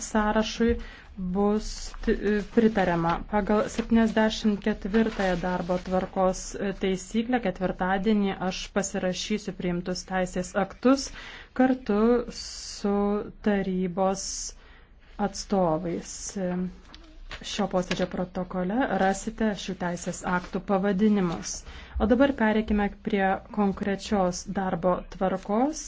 sąrašui bus pritariama. Pagal 74 darbo tvarkos e, taisyklę ketvirtadienį aš pasirašysiu priimtus teisės aktus kartu su tarybos atstovais. E, šio posėdžio protokole rasite šių teisės aktų pavadinimus. O dabar pereikime prie konkrečios darbo tvarkos.